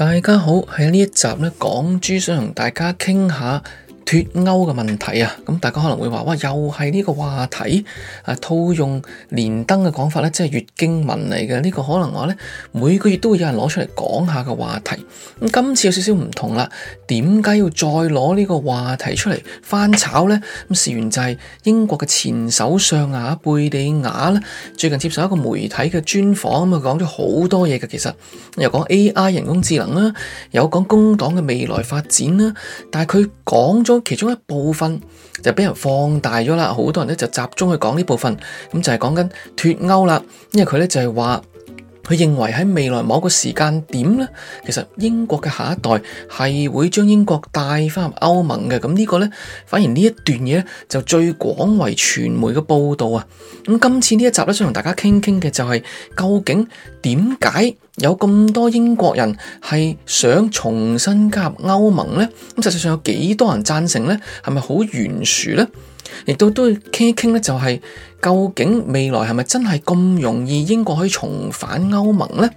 大家好，喺呢一集咧，港豬想同大家傾下。脫歐嘅問題啊，咁大家可能會話，哇，又係呢個話題啊，套用連登嘅講法咧，即係月經文嚟嘅。呢、這個可能話咧，每個月都會有人攞出嚟講下嘅話題。咁今次有少少唔同啦，點解要再攞呢個話題出嚟翻炒咧？咁事緣就係英國嘅前首相啊，貝理雅咧，最近接受一個媒體嘅專訪啊，咁啊講咗好多嘢嘅。其實又講 AI 人工智能啦，有講工黨嘅未來發展啦，但係佢講咗。其中一部分就俾人放大咗啦，好多人咧就集中去講呢部分，咁就係講緊脫歐啦，因為佢咧就係話。佢認為喺未來某個時間點咧，其實英國嘅下一代係會將英國帶翻入歐盟嘅。咁呢個咧，反而呢一段嘢咧就最廣為傳媒嘅報導啊。咁今次呢一集咧，想同大家傾傾嘅就係、是、究竟點解有咁多英國人係想重新加入歐盟咧？咁實際上有幾多人贊成咧？係咪好懸殊咧？亦都都要傾一傾咧、就是，就係。究竟未來係咪真係咁容易英國可以重返歐盟呢？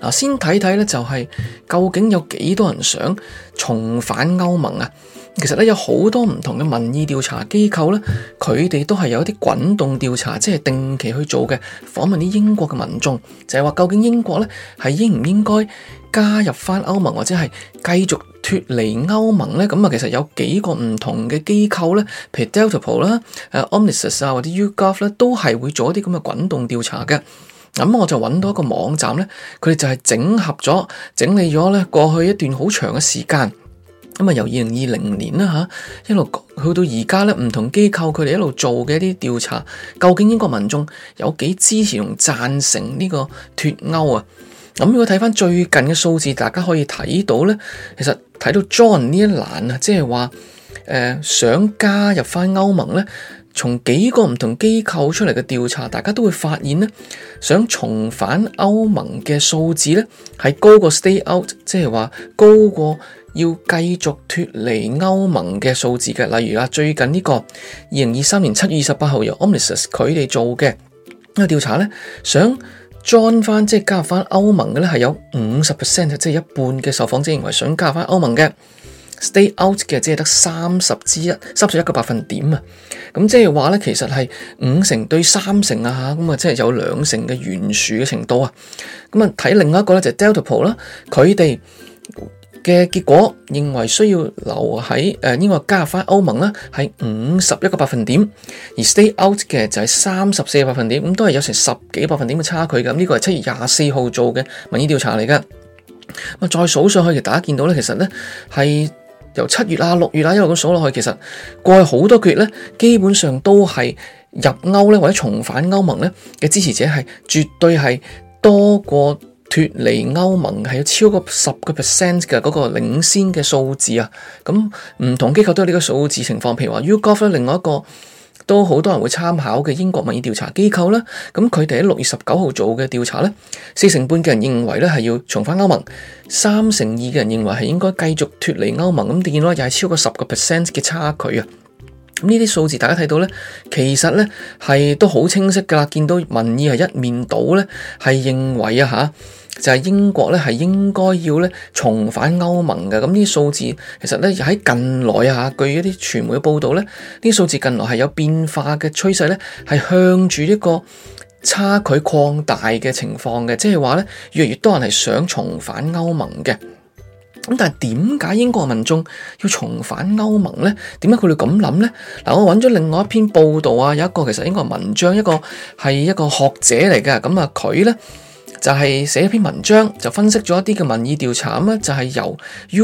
嗱，先睇睇咧，就係究竟有幾多人想重返歐盟啊？其實咧有好多唔同嘅民意調查機構咧，佢哋都係有一啲滾動調查，即係定期去做嘅訪問啲英國嘅民眾，就係、是、話究竟英國咧係應唔應該加入返歐盟，或者係繼續脱離歐盟咧？咁、嗯、啊，其實有幾個唔同嘅機構咧，譬如 Delta 啦、誒 Omnisis 啊或者 YouGov 咧，都係會做一啲咁嘅滾動調查嘅。咁、嗯、我就揾到一個網站咧，佢哋就係整合咗、整理咗咧過去一段好長嘅時間。咁啊，由二零二零年啦嚇，一路去到而家咧，唔同機構佢哋一路做嘅一啲調查，究竟英國民眾有幾支持同贊成呢個脱歐啊？咁如果睇翻最近嘅數字，大家可以睇到咧，其實睇到 Join 呢一欄啊，即係話誒想加入翻歐盟咧。從幾個唔同機構出嚟嘅調查，大家都會發現呢，想重返歐盟嘅數字呢係高過 stay out，即係話高過要繼續脱離歐盟嘅數字嘅。例如啊，最近呢個二零二三年七月二十八號由 Omnisis 佢哋做嘅一個調查呢，想 join 翻即係加入翻歐盟嘅呢係有五十 percent 即係一半嘅受訪者認為想加入翻歐盟嘅。Stay out 嘅只係得三十之一，三十一個百分點啊！咁即係話咧，其實係五成對三成啊！嚇，咁啊，即係有兩成嘅懸殊嘅程度啊！咁啊，睇另外一個咧就係 Delta poll 啦，佢哋嘅結果認為需要留喺誒呢個加入翻歐盟啦，係五十一個百分點，而 Stay out 嘅就係三十四個百分點，咁都係有成十幾百分點嘅差距嘅。呢個係七月廿四號做嘅民意調查嚟㗎。咁啊，再數上去，其實大家見到咧，其實咧係。由七月啊、六月啊一路咁數落去，其實過去好多個月咧，基本上都係入歐咧或者重返歐盟咧嘅支持者係絕對係多過脫離歐盟，係有超過十個 percent 嘅嗰個領先嘅數字啊！咁唔同機構都有呢個數字情況，譬如話 YouGov 咧，另外一個。都好多人會參考嘅英國民意調查機構啦，咁佢哋喺六月十九號做嘅調查咧，四成半嘅人認為咧係要重返歐盟，三成二嘅人認為係應該繼續脫離歐盟，咁見到又係超過十個 percent 嘅差距啊！咁呢啲數字大家睇到咧，其實咧係都好清晰㗎，見到民意係一面倒咧，係認為啊嚇。就係英國咧，係應該要咧重返歐盟嘅。咁呢啲數字其實咧喺近來啊，據一啲傳媒嘅報道咧，呢啲數字近來係有變化嘅趨勢咧，係向住一個差距擴大嘅情況嘅，即係話咧越嚟越多人係想重返歐盟嘅。咁但係點解英國民眾要重返歐盟咧？點解佢哋咁諗咧？嗱，我揾咗另外一篇報道啊，有一個其實應該係文章，一個係一個學者嚟嘅，咁啊佢咧。就係寫一篇文章，就分析咗一啲嘅民意調查咁啊，就係、是、由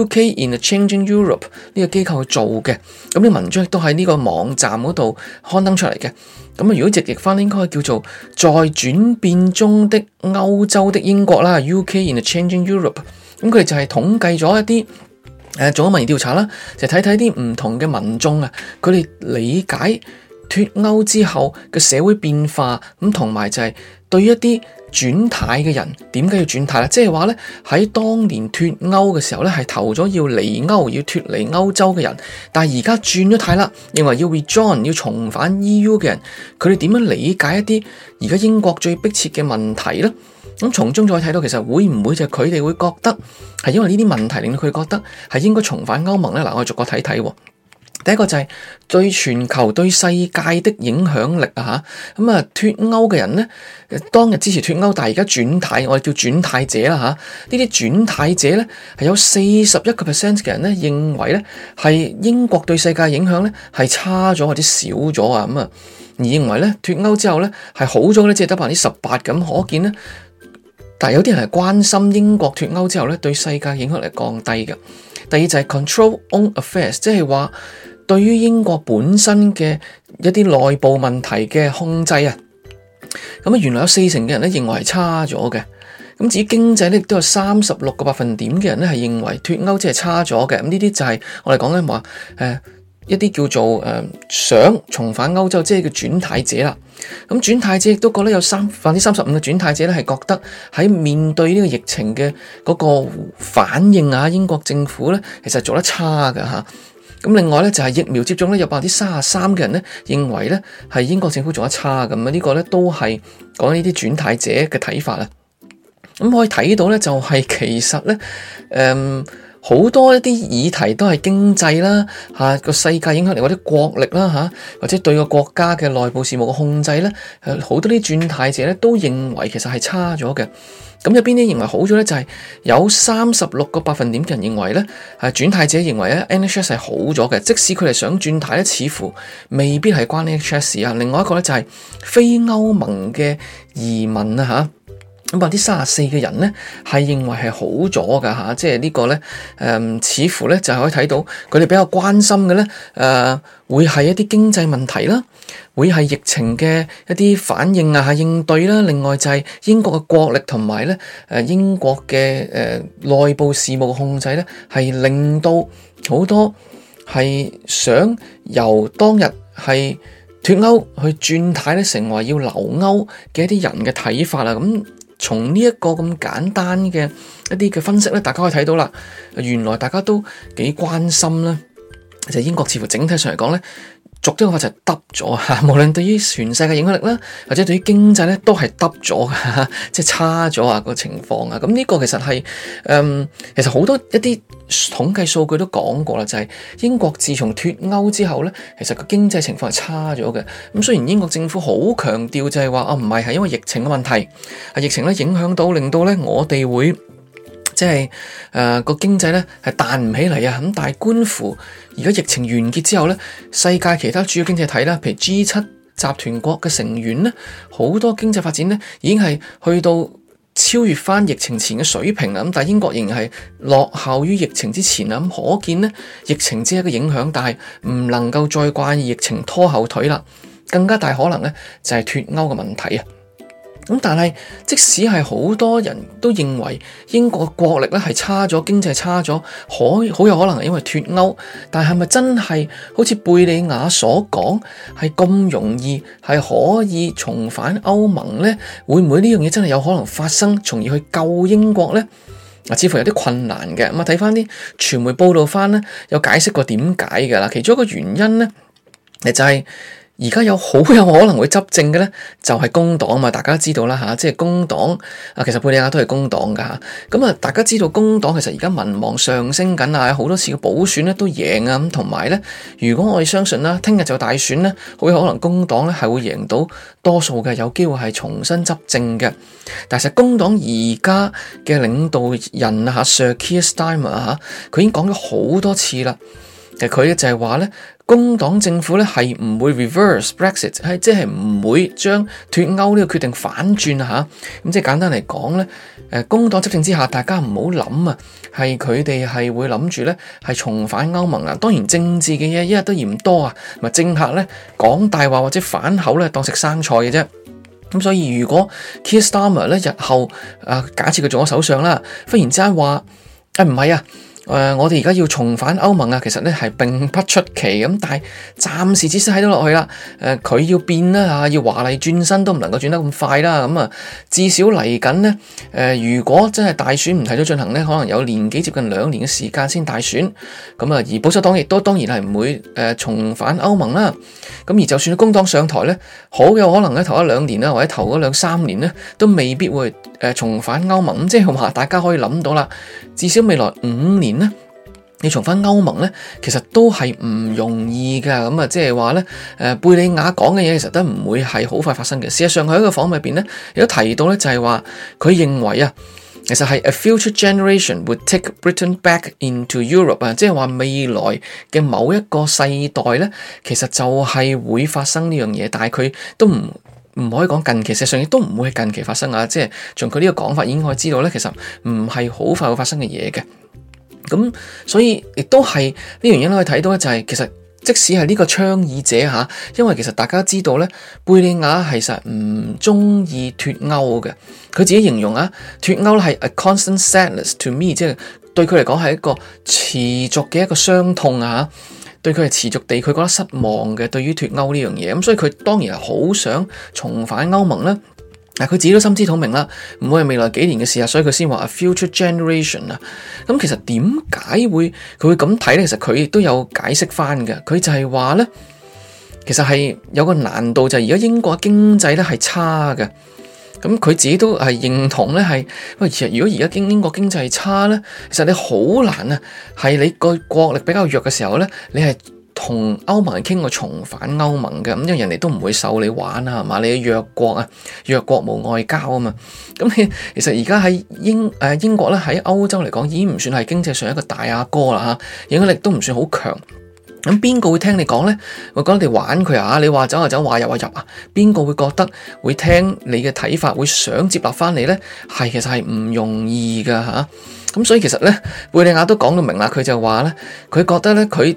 UK in the Changing Europe 呢個機構去做嘅。咁呢篇文章亦都喺呢個網站嗰度刊登出嚟嘅。咁啊，如果直譯返應該叫做在轉變中的歐洲的英國啦，UK in the Changing Europe。咁佢哋就係統計咗一啲，誒做咗民意調查啦，就睇睇啲唔同嘅民眾啊，佢哋理解脫歐之後嘅社會變化，咁同埋就係對一啲。轉態嘅人點解要轉態啦？即係話咧，喺當年脫歐嘅時候咧係投咗要離歐、要脫離歐洲嘅人，但係而家轉咗態啦，認為要 rejoin 要重返 EU 嘅人，佢哋點樣理解一啲而家英國最迫切嘅問題咧？咁從中再睇到其實會唔會就係佢哋會覺得係因為呢啲問題令到佢覺得係應該重返歐盟咧？嗱，我哋逐個睇睇。第一個就係對全球對世界的影響力啊吓，脫歐嘅人咧，當日支持脫歐，但係而家轉軚，我哋叫轉軚者啦吓，啊、這些轉態者呢啲轉軚者咧有四十一個 percent 嘅人咧認為咧英國對世界影響咧係差咗或者少咗啊，咁啊認為咧脫歐之後咧係好咗呢只係得百分之十八咁，可見咧，但是有啲人係關心英國脫歐之後咧對世界影響力降低嘅。第二就係 control on affairs，即係話。對於英國本身嘅一啲內部問題嘅控制啊，咁啊，原來有四成嘅人咧認為係差咗嘅。咁至於經濟咧，都有三十六個百分點嘅人咧係認為脫歐即係差咗嘅。咁呢啲就係、是、我哋講緊話，誒、呃，一啲叫做誒、呃、想重返歐洲即係叫轉態者啦。咁轉態者亦都覺得有三百分之三十五嘅轉態者咧係覺得喺面對呢個疫情嘅嗰個反應啊，英國政府咧其實做得差嘅吓。咁另外咧就係疫苗接種咧，有百分之三十三嘅人咧認為咧係英國政府做得差咁啊！呢、呢個咧都係講呢啲轉態者嘅睇法啦。咁可以睇到咧，就係其實咧，誒、嗯。好多一啲議題都係經濟啦，嚇個世界影響力或者國力啦，嚇或者對個國家嘅內部事務嘅控制咧，好多啲轉軚者咧都認為其實係差咗嘅。咁有邊啲認為好咗咧？就係有三十六個百分點嘅人認為咧，係轉軚者認為咧，NHS 係好咗嘅。即使佢哋想轉軚咧，似乎未必係關 NHS 啊。另外一個咧就係非歐盟嘅移民啊，嚇。咁百分之三十四嘅人咧，係認為係好咗噶嚇，即係呢個咧誒，似乎咧就係可以睇到佢哋比較關心嘅咧，誒、呃、會係一啲經濟問題啦，會係疫情嘅一啲反應啊、應對啦。另外就係英國嘅國力同埋咧誒英國嘅誒、啊、內部事務控制咧，係令到好多係想由當日係脫歐去轉態咧，成為要留歐嘅一啲人嘅睇法啦。咁、啊。嗯從呢一個咁簡單嘅一啲嘅分析咧，大家可以睇到啦，原來大家都幾關心咧，就係、英國似乎整體上嚟講咧。逐啲嘅話就係耷咗吓，無論對於全世界影響力啦，或者對於經濟咧，都係耷咗嘅，即係差咗啊個情況啊。咁呢個其實係誒、嗯，其實好多一啲統計數據都講過啦，就係、是、英國自從脫歐之後咧，其實個經濟情況係差咗嘅。咁雖然英國政府好強調就係話啊，唔係係因為疫情嘅問題，係疫情咧影響到，令到咧我哋會。即係誒個經濟咧係彈唔起嚟啊！咁但係觀乎而家疫情完結之後咧，世界其他主要經濟體啦，譬如 G7 集團國嘅成員咧，好多經濟發展咧已經係去到超越翻疫情前嘅水平啊！咁但係英國仍然係落後於疫情之前啊！咁可見咧疫情只係一個影響，但係唔能夠再怪疫情拖後腿啦。更加大可能咧就係脫歐嘅問題啊！咁但係即使係好多人都認為英國嘅國力呢係差咗，經濟差咗，可好有可能係因為脫歐，但係咪真係好似貝理雅所講係咁容易係可以重返歐盟呢？會唔會呢樣嘢真係有可能發生，從而去救英國呢？啊，似乎有啲困難嘅。咁、嗯、啊，睇翻啲傳媒報道翻呢，有解釋過點解噶啦，其中一個原因呢，就係、是。而家有好有可能會執政嘅呢，就係工黨嘛。大家知道啦嚇、啊，即係工黨啊。其實貝理雅都係工黨噶。咁啊，大家知道工黨其實而家民望上升緊啊，好多次嘅補選咧都贏啊。咁同埋呢，如果我哋相信啦，聽日就大選呢，好有可能工黨咧係會贏到多數嘅，有機會係重新執政嘅。但係其實工黨而家嘅領導人啊嚇，Sir Keir Starmer 啊嚇，佢已經講咗好多次啦。其實佢就係話呢。工黨政府咧係唔會 reverse Brexit，係即係唔會將脫歐呢個決定反轉啊！嚇，咁即係簡單嚟講咧，誒工黨執政之下，大家唔好諗啊，係佢哋係會諗住咧係重返歐盟啊！當然政治嘅嘢一日都嫌多啊，咪政客咧講大話或者反口咧當食生菜嘅啫。咁所以如果 Keir Starmer 咧日後啊，假設佢做咗首相啦，忽然之間話誒唔係啊！誒、呃，我哋而家要重返歐盟啊，其實咧係並不出奇咁，但係暫時只識睇到落去啦。誒、呃，佢要變啦嚇，要華麗轉身都唔能夠轉得咁快啦。咁啊，至少嚟緊咧，誒、呃，如果真係大選唔提早進行咧，可能有年幾接近兩年嘅時間先大選。咁啊，而保守黨亦都當然係唔會誒、呃、重返歐盟啦。咁而就算工黨上台咧，好有可能咧，頭一兩年啦，或者頭嗰兩三年咧，都未必會誒、呃、重返歐盟。咁即係話大家可以諗到啦，至少未來五年。你重返歐盟呢，其實都係唔容易噶。咁啊，即係話呢，誒，貝理雅講嘅嘢其實都唔會係好快發生嘅。事實上佢喺個訪問入邊亦都提到呢，就係話，佢認為啊，其實係 a future generation would take Britain back into Europe 啊，即係話未來嘅某一個世代呢，其實就係會發生呢樣嘢。但係佢都唔唔可以講近期，事實上亦都唔會係近期發生啊。即係從佢呢個講法已經可以知道呢，其實唔係好快會發生嘅嘢嘅。咁所以亦都係呢樣嘢。你可以睇到咧，就係其實即使係呢個倡議者嚇，因為其實大家知道咧，貝理雅其實唔中意脫歐嘅，佢自己形容啊，脫歐咧係 a constant sadness to me，即係對佢嚟講係一個持續嘅一個傷痛啊嚇，對佢係持續地佢覺得失望嘅對於脫歐呢樣嘢，咁所以佢當然係好想重返歐盟咧。但，佢自己都心知肚明啦，唔會係未來幾年嘅事啊，所以佢先話 future generation 啊。咁其實點解會佢會咁睇咧？其實佢亦都有解釋翻嘅，佢就係話咧，其實係有個難度就係而家英國經濟咧係差嘅，咁佢自己都係認同咧係，喂，其實如果而家經英國經濟係差咧，其實你好難啊，係你個國力比較弱嘅時候咧，你係。同歐盟傾過重返歐盟嘅，咁，因為人哋都唔會受你玩啊嘛，你弱國啊，弱國無外交啊嘛。咁你其實而家喺英誒英國咧喺歐洲嚟講已經唔算係經濟上一個大阿哥啦嚇，影響力都唔算好強。咁邊個會聽你講咧？會講你玩佢啊，你話走啊走，話入啊入啊，邊個會覺得會聽你嘅睇法，會想接納翻你咧？係其實係唔容易噶嚇。咁所以其實咧，貝理雅都講到明啦，佢就話咧，佢覺得咧，佢。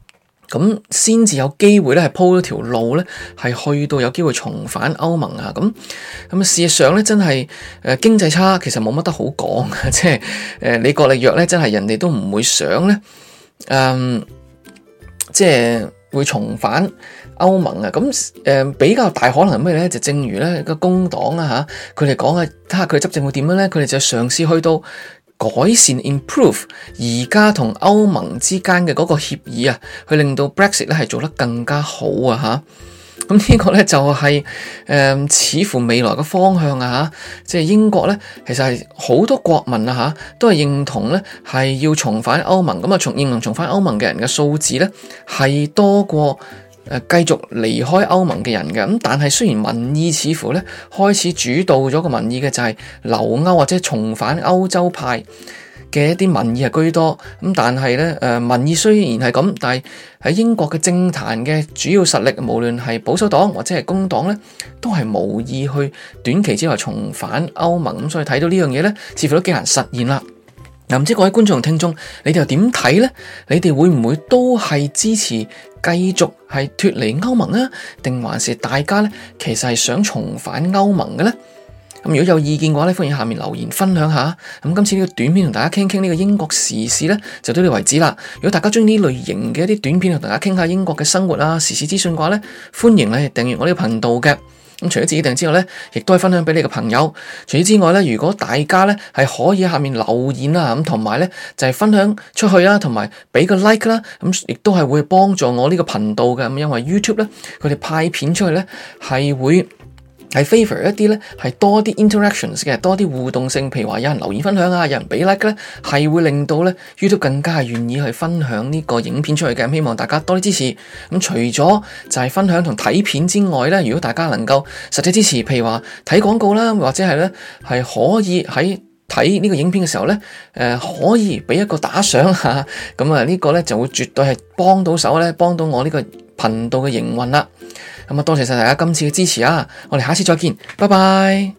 咁先至有機會咧，係鋪咗條路咧，係去到有機會重返歐盟啊！咁咁事實上咧，真係誒、呃、經濟差，其實冇乜得好講啊！即係誒你國力弱咧，真係人哋都唔會想咧，嗯，即係會重返歐盟啊！咁誒、呃、比較大可能係咩咧？就正如咧個工黨啊嚇，佢哋講啊，睇下佢執政會點樣咧，佢哋就嘗試去到。改善 improve 而家同歐盟之間嘅嗰個協議啊，去令到 Brexit 咧係做得更加好啊！吓、啊，咁、這個、呢個咧就係、是、誒、呃，似乎未來嘅方向啊！吓，即係英國咧，其實係好多國民啊吓，都係認同咧係要重返歐盟。咁啊，從認同重返歐盟嘅人嘅數字咧，係多過誒，繼續離開歐盟嘅人嘅，咁但係雖然民意似乎咧開始主導咗個民意嘅，就係、是、留歐或者重返歐洲派嘅一啲民意係居多，咁但係咧誒民意雖然係咁，但係喺英國嘅政壇嘅主要實力，無論係保守黨或者係工黨咧，都係無意去短期之內重返歐盟，咁所以睇到呢樣嘢咧，似乎都幾難實現啦。咁唔、啊、知各位觀眾同聽眾，你哋又點睇呢？你哋會唔會都係支持繼續係脫離歐盟呢？定還是大家咧其實係想重返歐盟嘅咧？咁、啊、如果有意見嘅話咧，歡迎下面留言分享下。咁、啊、今次呢個短片同大家傾傾呢個英國時事咧，就到呢度為止啦。如果大家中意呢類型嘅一啲短片，同大家傾下英國嘅生活啊時事資訊嘅話咧，歡迎咧訂閱我呢個頻道嘅。除咗自己訂之外咧，亦都係分享俾你嘅朋友。除此之外咧，如果大家咧係可以喺下面留言啦，同埋咧就係分享出去啦，同埋畀個 like 啦，咁亦都係會幫助我呢個頻道嘅。咁因為 YouTube 咧，佢哋派片出去咧係會係 favor 一啲咧，係多啲 interactions 嘅，多啲互動性，譬如話有人留言分享啊，有人俾 like 咧，係會令到咧 YouTube 更加係願意去分享呢個影片出去嘅。希望大家多啲支持。咁除咗就係分享同睇片之外咧，如果大家能夠實際支持，譬如話睇廣告啦，或者係咧係可以喺睇呢個影片嘅時候咧，誒、呃、可以俾一個打賞嚇，咁啊呢個咧就會絕對係幫到手咧，幫到我呢個頻道嘅營運啦。咁啊，多謝晒大家今次嘅支持啊！我哋下次再見，拜拜。